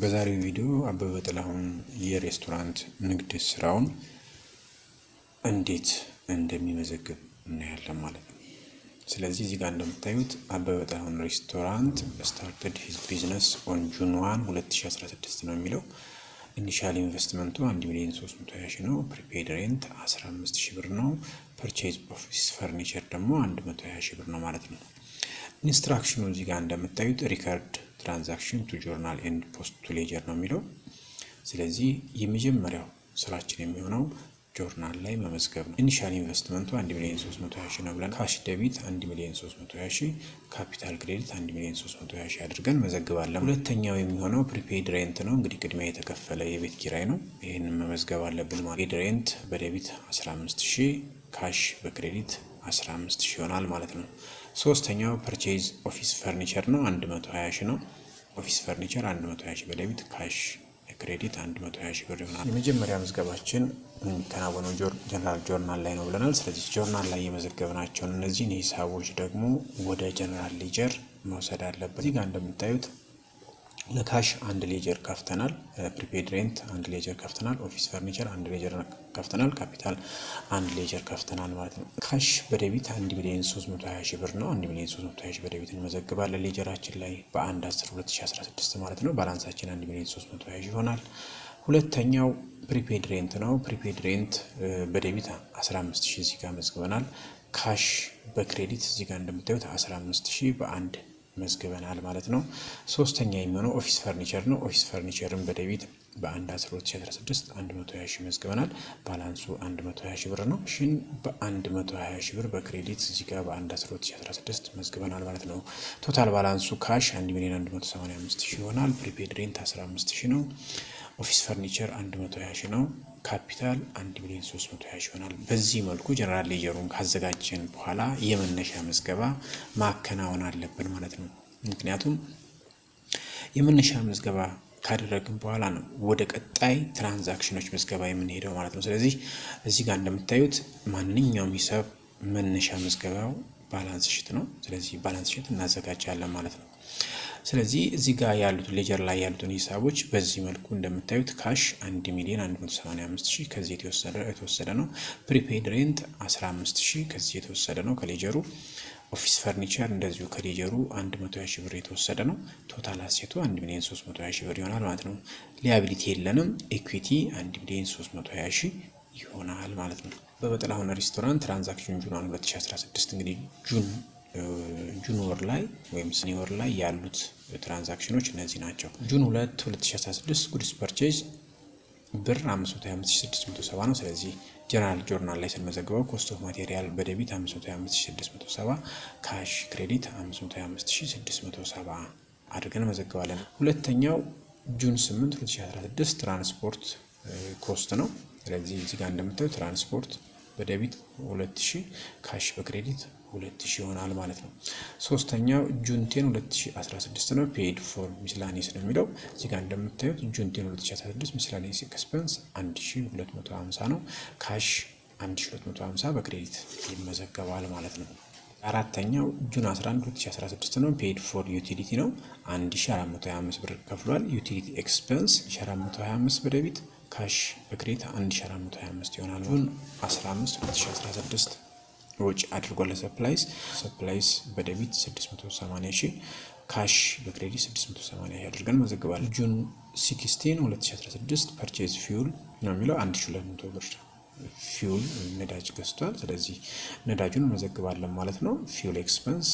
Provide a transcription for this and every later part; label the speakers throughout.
Speaker 1: በዛሬው ቪዲዮ አበበ ጥላሁን የሬስቶራንት ንግድ ስራውን እንዴት እንደሚመዘግብ እናያለን ማለት ነው። ስለዚህ እዚህ ጋር እንደምታዩት አበበ ጥላሁን ሬስቶራንት ስታርትድ ሂዝ ቢዝነስ ኦን ጁን ዋን 2016 ነው የሚለው። ኢኒሻል ኢንቨስትመንቱ 1 ሚሊዮን 320 ሺህ ነው። ፕሪፔድ ሬንት 15 ሺህ ብር ነው። ፐርቼዝ ኦፊስ ፈርኒቸር ደግሞ 120 ሺህ ብር ነው ማለት ነው። ኢንስትራክሽኑ እዚህ ጋር እንደምታዩት ሪከርድ ትራንዛክሽን ቱ ጆርናል ኤንድ ፖስት ቱ ሌጀር ነው የሚለው። ስለዚህ የመጀመሪያው ስራችን የሚሆነው ጆርናል ላይ መመዝገብ ነው። ኢኒሻል ኢንቨስትመንቱ 1 ሚሊዮን 320 ሺህ ነው ብለን ካሽ ደቢት 1 ሚሊዮን 320 ሺህ፣ ካፒታል ክሬዲት 1 ሚሊዮን 320 ሺህ አድርገን መዘግባለን። ሁለተኛው የሚሆነው ፕሪፔድ ሬንት ነው። እንግዲህ ቅድሚያ የተከፈለ የቤት ኪራይ ነው። ይህንን መመዝገብ አለብን ማለት ሬንት በደቢት 15 ሺህ፣ ካሽ በክሬዲት 15 ሺህ ይሆናል ማለት ነው። ሶስተኛው ፐርቼዝ ኦፊስ ፈርኒቸር ነው። 120 ሺ ነው። ኦፊስ ፈርኒቸር 120 ሺ በደቢት ካሽ ክሬዲት 120 ሺ ብር ይሆናል። የመጀመሪያ ምዝገባችን የሚከናወነው ጀነራል ጆርናል ላይ ነው ብለናል። ስለዚህ ጆርናል ላይ የመዘገብናቸውን እነዚህን ሂሳቦች ደግሞ ወደ ጀነራል ሊጀር መውሰድ አለበት። እዚህ ጋር እንደምታዩት ለካሽ አንድ ሌጀር ከፍተናል። ፕሪፔድ ሬንት አንድ ሌጀር ከፍተናል። ኦፊስ ፈርኒቸር አንድ ሌጀር ከፍተናል። ካፒታል አንድ ሌጀር ከፍተናል ማለት ነው። ካሽ በደቢት አንድ ሚሊዮን 320 ሺህ ብር ነው። አንድ ሚሊዮን 320 ሺህ በደቢት እንመዘግባለን ሌጀራችን ላይ በአንድ 10 2016 ማለት ነው። ባላንሳችን አንድ ሚሊዮን 320 ሺህ ይሆናል። ሁለተኛው ፕሪፔድ ሬንት ነው። ፕሪፔድ ሬንት በደቢት 15 ሺህ እዚህ ጋር መዝግበናል። ካሽ በክሬዲት እዚህ ጋር እንደምታዩት 15 ሺህ በአንድ መዝግበናል ማለት ነው። ሶስተኛ የሚሆነው ኦፊስ ፈርኒቸር ነው። ኦፊስ ፈርኒቸርን በደቢት በአንድ 1216 120 ሺ መዝግበናል። ባላንሱ 120 ሺ ብር ነው። ሽን በ120 ሺ ብር በክሬዲት እዚህ ጋር በአንድ 1216 መዝግበናል ማለት ነው። ቶታል ባላንሱ ካሽ 1 ሚሊዮን 185 ሺ ይሆናል። ፕሪፔድ ሬንት 15 ሺ ነው። ኦፊስ ፈርኒቸር 120 ሺ ነው። ካፒታል 1 ሚሊዮን 300 ያሽ ይሆናል። በዚህ መልኩ ጀነራል ሌጀሩን ካዘጋጀን በኋላ የመነሻ ምዝገባ ማከናወን አለብን ማለት ነው። ምክንያቱም የመነሻ ምዝገባ ካደረግን በኋላ ነው ወደ ቀጣይ ትራንዛክሽኖች ምዝገባ የምንሄደው ማለት ነው። ስለዚህ እዚህ ጋር እንደምታዩት ማንኛውም ሂሳብ መነሻ ምዝገባው ባላንስ ሽት ነው። ስለዚህ ባላንስ ሽት እናዘጋጃለን ማለት ነው። ስለዚህ እዚህ ጋር ያሉትን ሌጀር ላይ ያሉትን ሂሳቦች በዚህ መልኩ እንደምታዩት ካሽ 1 ሚሊዮን 185 ሺህ ከዚህ የተወሰደ ነው። ፕሪፔድ ሬንት 15 ሺህ ከዚህ የተወሰደ ነው ከሌጀሩ። ኦፊስ ፈርኒቸር እንደዚሁ ከሌጀሩ 100 ሺህ ብር የተወሰደ ነው። ቶታል አሴቱ 1 ሚሊዮን 320 ሺህ ብር ይሆናል ማለት ነው። ሊያቢሊቲ የለንም። ኤኩዊቲ 1 ሚሊዮን 320 ሺህ ይሆናል ማለት ነው። በበጥላሁን ሬስቶራንት ትራንዛክሽን ጁን 2016 እንግዲህ ጁን ጁን ወር ላይ ወይም ሰኔ ወር ላይ ያሉት ትራንዛክሽኖች እነዚህ ናቸው። ጁን 2 2016 ጉድስ ፐርቼዝ ብር 525670 ነው። ስለዚህ ጀነራል ጆርናል ላይ ስንመዘግበው ኮስት ኦፍ ማቴሪያል በደቢት 525670፣ ካሽ ክሬዲት 525670 አድርገን መዘግባለን። ሁለተኛው ጁን 8 2016 ትራንስፖርት ኮስት ነው። ስለዚህ እዚጋ እንደምታዩ ትራንስፖርት በደቢት 2000 ካሽ በክሬዲት 2000 ይሆናል ማለት ነው። ሶስተኛው ጁንቴን 2016 ነው። ፔድ ፎር ሚስላኒስ ነው የሚለው እዚህ ጋር እንደምታዩት ጁንቴን 2016 ሚስላኒስ ኤክስፐንስ 1250 ነው። ካሽ 1250 በክሬዲት ይመዘገባል ማለት ነው። አራተኛው ጁን 11 2016 ነው። ፔድ ፎር ዩቲሊቲ ነው። 1425 ብር ከፍሏል። ዩቲሊቲ ኤክስፐንስ 1425 በደቢት ካሽ በክሬት 1425 ይሆናል። ጁን 15 2016 ወጪ አድርጎ ለሰፕላይስ ሰፕላይስ በደቢት 680 ሺህ ካሽ በክሬዲት 680 ሺህ አድርገን መዘግባለን። ጁን 16 2016 ፐርቼዝ ፊውል ነው የሚለው 1200 ብር ፊውል ነዳጅ ገዝቷል። ስለዚህ ነዳጁን መዘግባለን ማለት ነው። ፊውል ኤክስፐንስ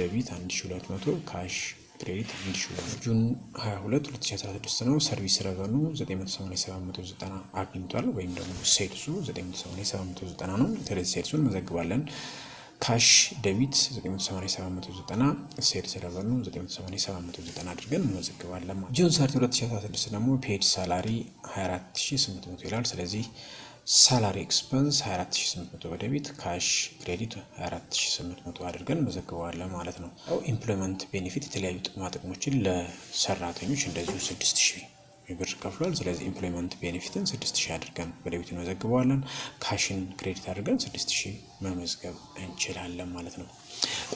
Speaker 1: ደቢት 1200 ካሽ ክሬዲት ኢሹ ጁን 22 2016 ነው። ሰርቪስ ረቨኑ 987790 አግኝቷል፣ ወይም ደግሞ ሴልሱ 987790 ነው። ስለዚህ ሴልሱን መዘግባለን። ካሽ ደቢት 987790 ሴልስ ረቨኑ 987790 አድርገን መዘግባለን። ጁን 30 2016 ደግሞ ፔድ ሳላሪ 24800 ይላል። ስለዚህ ሳላሪ ኤክስፐንስ 24800 ወደፊት ካሽ ክሬዲት 24800 አድርገን መዘግበዋለን ማለት ነው። ኢምፕሎይመንት ቤኔፊት የተለያዩ ጥቅማ ጥቅሞችን ለሰራተኞች እንደዚሁ 6000 ብር ከፍሏል። ስለዚህ ኢምፕሎይመንት ቤኔፊትን 6000 አድርገን ወደፊት መዘግበዋለን። ካሽን ክሬዲት አድርገን 6000 መመዝገብ እንችላለን ማለት ነው።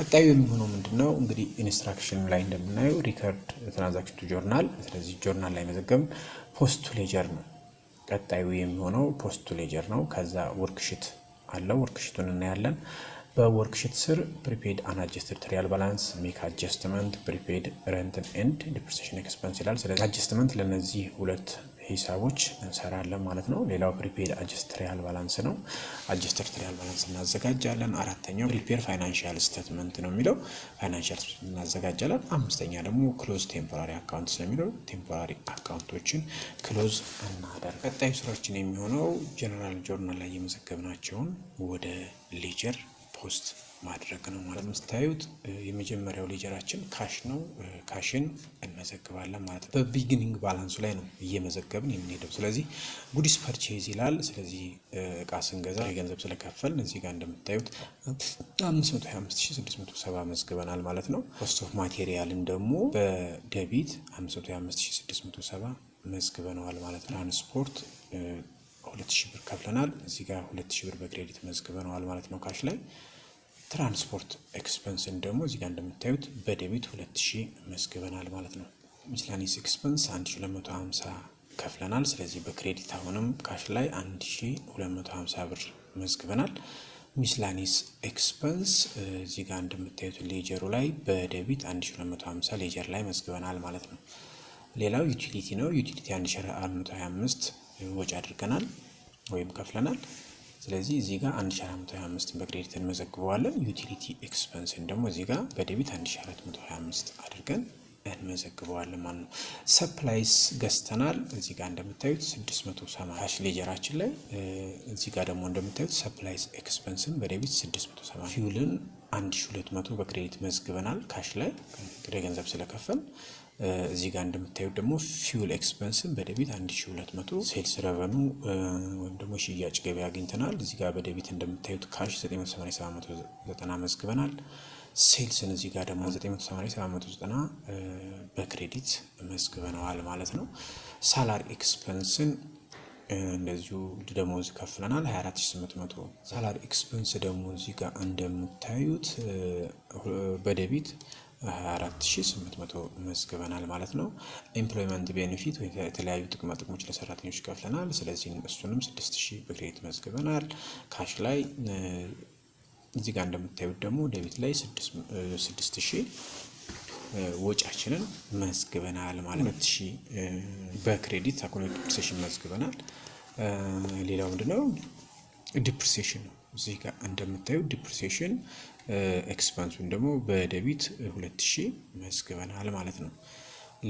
Speaker 1: ቀጣዩ የሚሆነው ምንድነው? እንግዲህ ኢንስትራክሽን ላይ እንደምናየው ሪከርድ ትራንዛክሽን ቱ ጆርናል። ስለዚህ ጆርናል ላይ መዘገብ ፖስት ቱ ሌጀር ነው ቀጣዩ የሚሆነው ፖስት ሌጀር ነው። ከዛ ወርክሽት አለ። ወርክሽቱን እናያለን። በወርክሽት ስር ፕሪፔድ አንአጀስትድ ትሪያል ባላንስ ሜክ አጀስትመንት ፕሪፔድ ረንትን ኤንድ ዲፕሬሽን ኤክስፐንስ ይላል። ስለዚህ አጀስትመንት ለነዚህ ሁለት ሂሳቦች እንሰራለን ማለት ነው። ሌላው ፕሪፔድ አጀስትሪያል ባላንስ ነው። አጀስትሪያል ባላንስ እናዘጋጃለን። አራተኛው ፕሪፔር ፋይናንሽል ስቴትመንት ነው የሚለው ፋይናንሽል እናዘጋጃለን። አምስተኛ ደግሞ ክሎዝ ቴምፖራሪ አካውንት ስለሚለው ቴምፖራሪ አካውንቶችን ክሎዝ እናደርግ። ቀጣዩ ስራችን የሚሆነው ጀነራል ጆርናል ላይ የመዘገብናቸውን ወደ ሌጀር ፖስት ማድረግ ነው ማለት ነው። ስታዩት የመጀመሪያው ሌጀራችን ካሽ ነው። ካሽን እንመዘግባለን ማለት ነው። በቢግኒንግ ባላንሱ ላይ ነው እየመዘገብን የምንሄደው። ስለዚህ ጉዲስ ፐርቼዝ ይላል። ስለዚህ እቃ ስንገዛ የገንዘብ ስለከፈልን እዚህ ጋር እንደምታዩት 525670 መዝግበናል ማለት ነው። ኮስት ኦፍ ማቴሪያልን ደግሞ በደቢት 525670 መዝግበነዋል ማለት ነው። ትራንስፖርት ሁለት ብር ከፍለናል። እዚህ ጋር ሁለት ብር በክሬዲት መዝግበነዋል ማለት ነው ካሽ ላይ። ትራንስፖርት ኤክስፐንስን ደግሞ እዚህ ጋር እንደምታዩት በደቢት ሁለት መዝግበናል ማለት ነው። ሚስላኒስ ኤክስፐንስ አንድ ሺህ ከፍለናል። ስለዚህ በክሬዲት አሁንም ካሽ ላይ አንድ ሺህ ሁለት ብር መዝግበናል። ሚስላኒስ ኤክስፐንስ እዚህ ጋር እንደምታዩት ሌጀሩ ላይ በደቢት 1250 ሌጀር ላይ መዝግበናል ማለት ነው። ሌላው ዩቲሊቲ ነው። ዩቲሊቲ 1425 ወጪ አድርገናል ወይም ከፍለናል። ስለዚህ እዚህ ጋር 1425 በክሬዲት እንመዘግበዋለን። ዩቲሊቲ ኤክስፐንስን ደግሞ እዚህ ጋር በዴቢት 1425 አድርገን እንመዘግበዋለን ማለት ነው። ሰፕላይስ ገዝተናል እዚህ ጋር እንደምታዩት 680 ሽ ሌጀራችን ላይ እዚህ ጋር ደግሞ እንደምታዩት ሰፕላይስ ኤክስፐንስን በዴቢት 680 ፊውልን 1200 በክሬዲት መዝግበናል ካሽ ላይ ወደ ገንዘብ ስለከፈል እዚህ ጋር እንደምታዩት ደግሞ ፊውል ኤክስፐንስን በደቢት 1200 ሴልስ ረቨኑ ወይም ደግሞ ሽያጭ ገቢ አግኝተናል። እዚህ ጋር በደቢት እንደምታዩት ካሽ 987090 መዝግበናል። ሴልስን እዚህ ጋር ደግሞ 987090 በክሬዲት መዝግበነዋል ማለት ነው። ሳላሪ ኤክስፐንስን እንደዚሁ ደሞዝ ከፍለናል 24800። ሳላሪ ኤክስፐንስ ደግሞ እዚህ ጋር እንደምታዩት በደቢት 24800 መዝግበናል ማለት ነው። ኤምፕሎይመንት ቤኔፊት ወይ የተለያዩ ጥቅማ ጥቅሞች ለሰራተኞች ከፍለናል። ስለዚህ እሱንም 6000 በክሬዲት መዝግበናል። ካሽ ላይ እዚህ ጋር እንደምታዩት ደግሞ ደቢት ላይ 6000 ወጫችንን መዝግበናል ማለት ነው። 2000 በክሬዲት አኮሞዴሽን መዝግበናል። ሌላው ምንድነው? ዲፕሪሲሽን ነው። እዚህ ጋር እንደምታዩ ዲፕሪሲሽን ኤክስፐንሱን ደግሞ በደቢት 2000 መዝግበናል ማለት ነው።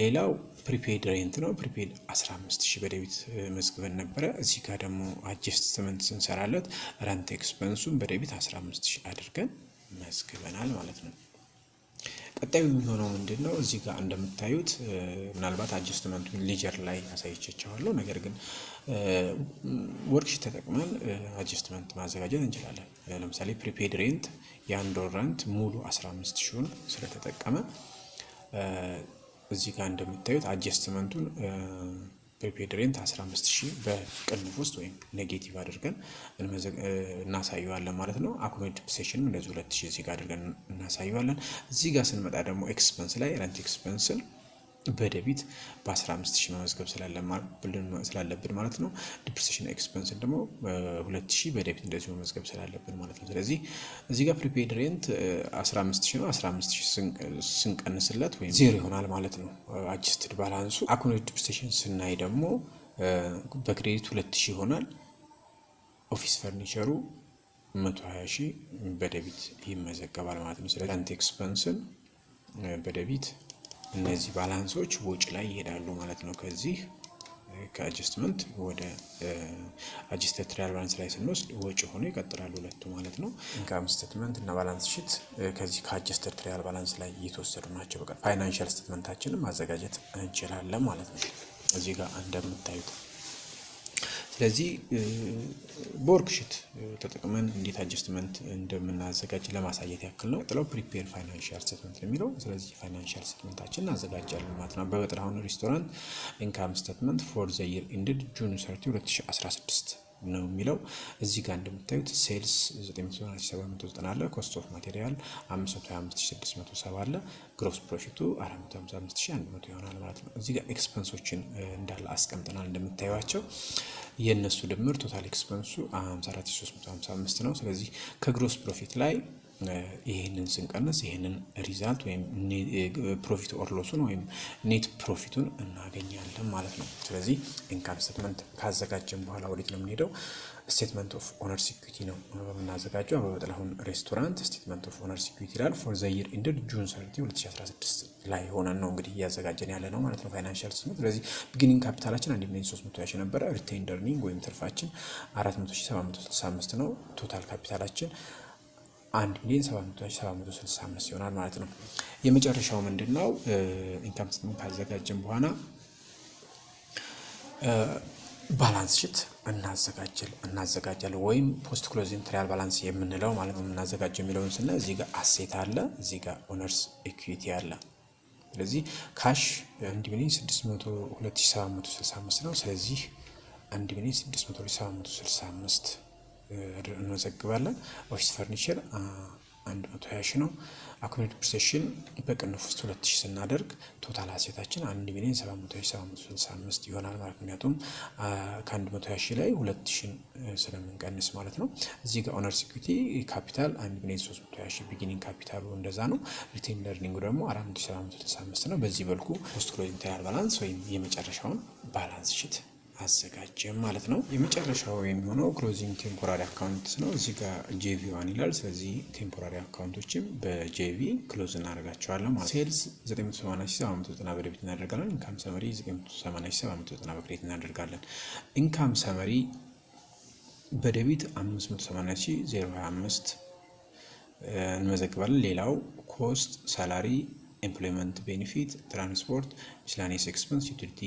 Speaker 1: ሌላው ፕሪፔድ ሬንት ነው። ፕሪፔድ 15000 በደቢት uh, መዝግበን ነበረ። እዚህ ጋር ደግሞ አጀስትመንት ስንሰራለት ረንት ኤክስፐንሱን በደቢት 15000 አድርገን መዝግበናል ማለት ነው። ቀጣዩ የሚሆነው ምንድን ነው? እዚህ ጋር እንደምታዩት ምናልባት አጀስትመንቱን ሊጀር ላይ አሳይቻቸዋለሁ። ነገር ግን ወርክሽ ተጠቅመን አጀስትመንት ማዘጋጀት እንችላለን። ለምሳሌ ፕሪፔድ ሬንት የአንድ ወር ሬንት ሙሉ 15 ሺውን ስለተጠቀመ እዚህ ጋር እንደምታዩት አጀስትመንቱን ፕሪፔድ ሬንት 15000 በቅንፍ ውስጥ ወይም ኔጌቲቭ አድርገን እናሳየዋለን ማለት ነው። አኮሜድ ሴሽንም እንደዚህ 2000 እዚህ ጋር አድርገን እናሳየዋለን። እዚህ ጋር ስንመጣ ደግሞ ኤክስፐንስ ላይ ረንት ኤክስፐንስን በደቢት በ15000 መመዝገብ ስላለብን ማለት ነው። ዲፕሪሴሽን ኤክስፐንስን ደግሞ 2000 በደቢት እንደዚሁ መመዝገብ ስላለብን ማለት ነው። ስለዚህ እዚህ ጋር ፕሪፔድ ሬንት 15000 ነው። 15000 ስንቀንስለት ወይም ዜሮ ይሆናል ማለት ነው። አጅስትድ ባላንሱ አኩኖች ዲፕሪሴሽን ስናይ ደግሞ በክሬዲት 2000 ይሆናል። ኦፊስ ፈርኒቸሩ 120 ሺህ በደቢት ይመዘገባል ማለት ነው። ስለዚህ ሬንት ኤክስፐንስን በደቢት እነዚህ ባላንሶች ወጪ ላይ ይሄዳሉ ማለት ነው። ከዚህ ከአጀስትመንት ወደ አጀስተድ ትራያል ባላንስ ላይ ስንወስድ ወጪ ሆኖ ይቀጥላሉ ሁለቱ ማለት ነው። ኢንካም ስቴትመንት እና ባላንስ ሽት ከዚህ ከአጀስተድ ትራያል ባላንስ ላይ እየተወሰዱ ናቸው። በቃ ፋይናንሻል ስቴትመንታችንን ማዘጋጀት እንችላለን ማለት ነው። እዚህ ጋር እንደምታዩት ስለዚህ በወርክሽት ተጠቅመን እንዴት አጀስትመንት እንደምናዘጋጅ ለማሳየት ያክል ነው። ጥለው ፕሪፔር ፋይናንሻል ስቴትመንት የሚለው ስለዚህ ፋይናንሽል ስቴትመንታችን እናዘጋጃለን ማለት ነው። በበጥር አሁን ሬስቶራንት ኢንካም ስቴትመንት ፎር ዘ ኢንድድ ጁን 30 2016 ነው የሚለው እዚህ ጋር እንደምታዩት ሴልስ 9797 አለ፣ ኮስት ኦፍ ማቴሪያል 525670 አለ፣ ግሮስ ፕሮፊቱ 455100 ይሆናል ማለት ነው። እዚህ ጋር ኤክስፐንሶችን እንዳለ አስቀምጠናል እንደምታዩቸው የእነሱ ድምር ቶታል ኤክስፐንሱ 54355 ነው። ስለዚህ ከግሮስ ፕሮፊት ላይ ይህንን ስንቀንስ ይህንን ሪዛልት ወይም ፕሮፊት ኦርሎሱን ወይም ኔት ፕሮፊቱን እናገኛለን ማለት ነው። ስለዚህ ኢንካም ስቴትመንት ካዘጋጀን በኋላ ወዴት ነው የምንሄደው? ስቴትመንት ኦፍ ኦነር ሲኩሪቲ ነው በምናዘጋጀው አበበ ጥላሁን ሬስቶራንት ስቴትመንት ኦፍ ኦነር ሲኩሪቲ ይላል። ፎር ዘይር ኢንድድ ጁን ሰርቲ 2016 ላይ ሆነን ነው እንግዲህ እያዘጋጀን ያለ ነው ማለት ነው ፋይናንሽል ስቴትመንት። ስለዚህ ቢግኒንግ ካፒታላችን 1 ሚሊዮን 300 ሺ ነበረ። ሪቴይንድ እርኒንግ ወይም ትርፋችን 4765 ነው። ቶታል ካፒታላችን 1 ሚሊዮን 7765 ይሆናል ማለት ነው። የመጨረሻው ምንድን ነው ኢንካም ስቴትመንት ካዘጋጀን በኋላ ባላንስ ሽት እናዘጋጃለን ወይም ፖስት ክሎዚንግ ትሪያል ባላንስ የምንለው ማለት ነው። የምናዘጋጀው የሚለውን ስና እዚህ ጋር አሴት አለ፣ እዚህ ጋር ኦነርስ ኢኩዊቲ አለ። ስለዚህ ካሽ አንድ ሚሊዮን 2765 ነው። ስለዚህ አንድ ሚሊዮን 2765 እንመዘግባለን። ኦፊስ ፈርኒቸር አንድ መቶ ነው። አኩሬት ፕሪሴሽን በቅንፍ ውስጥ 2000 ስናደርግ ቶታል አሴታችን 1 ሚሊዮን 775 ይሆናል ማለት ምክንያቱም ከ120 ሺህ ላይ 2000 ስለምንቀንስ ማለት ነው። እዚህ ጋር ኦነር ሲኩሪቲ ካፒታል 1 ሚሊዮን 320 ሺህ ቢጊኒንግ ካፒታሉ እንደዛ ነው። ሪቴን ለርኒንግ ደግሞ 4765 ነው። በዚህ መልኩ ፖስት ክሎዚንግ ኢንተርናል ባላንስ ወይም የመጨረሻውን ባላንስ ሽት አዘጋጀ ማለት ነው። የመጨረሻው የሚሆነው ክሎዚንግ ቴምፖራሪ አካውንት ነው። እዚህ ጋር ጄቪ ዋን ይላል። ስለዚህ ቴምፖራሪ አካውንቶችም በጄቪ ክሎዝ እናደርጋቸዋለን ማለት ሴልስ 989790 በደቢት እናደርጋለን። ኢንካም ሰመሪ 989790 በክሬት እናደርጋለን። ኢንካም ሰመሪ በደቢት 580025 እንመዘግባለን። ሌላው ኮስት፣ ሳላሪ፣ ኤምፕሎይመንት ቤኔፊት፣ ትራንስፖርት፣ ሚስላኔስ ኤክስፐንስ፣ ዩቲሊቲ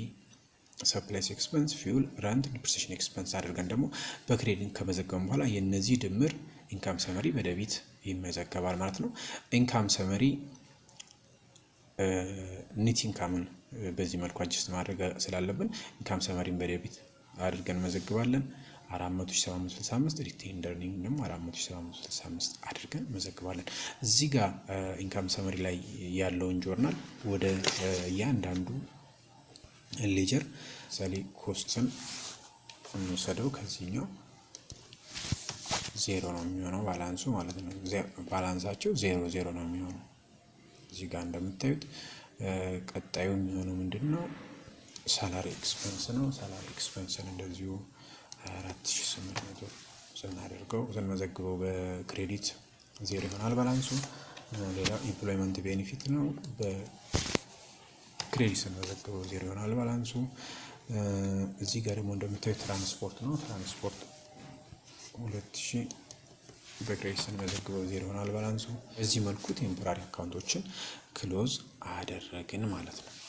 Speaker 1: ሰፕላይስ ኤክስፐንስ፣ ፊውል፣ ረንት፣ ዲፕሪሲሽን ኤክስፐንስ አድርገን ደግሞ በክሬዲት ከመዘገብን በኋላ የነዚህ ድምር ኢንካም ሰመሪ በደቢት ይመዘገባል ማለት ነው። ኢንካም ሰመሪ ኒት ኢንካምን በዚህ መልኩ አጅስት ማድረግ ስላለብን ኢንካም ሰመሪን በደቢት አድርገን መዘግባለን። 4765 ሪቴንደርኒንግ ደግሞ 4765 አድርገን መዘግባለን። እዚህ ጋር ኢንካም ሰመሪ ላይ ያለውን ጆርናል ወደ እያንዳንዱ ሌጀር ምሳሌ ኮስትን እንወሰደው ከዚህኛው ዜሮ ነው የሚሆነው ባላንሱ ማለት ነው። ባላንሳቸው ዜሮ ዜሮ ነው የሚሆነው። እዚህ ጋር እንደምታዩት ቀጣዩ የሚሆነው ምንድን ነው? ሳላሪ ኤክስፐንስ ነው። ሳላሪ ኤክስፐንስን እንደዚሁ 24800 ስናደርገው ስንመዘግበው በክሬዲት ዜሮ ይሆናል ባላንሱ። ሌላ ኢምፕሎይመንት ቤኔፊት ነው። ክሬዲት ስንመዘግበው ዜሮ ይሆናል ባላንሱ። እዚህ ጋር ደግሞ እንደምታዩ ትራንስፖርት ነው። ትራንስፖርት ሁለት ሺ በክሬዲት ስንመዘግበው ዜሮ ይሆናል ባላንሱ። በዚህ መልኩ ቴምፖራሪ አካውንቶችን ክሎዝ አደረግን ማለት ነው።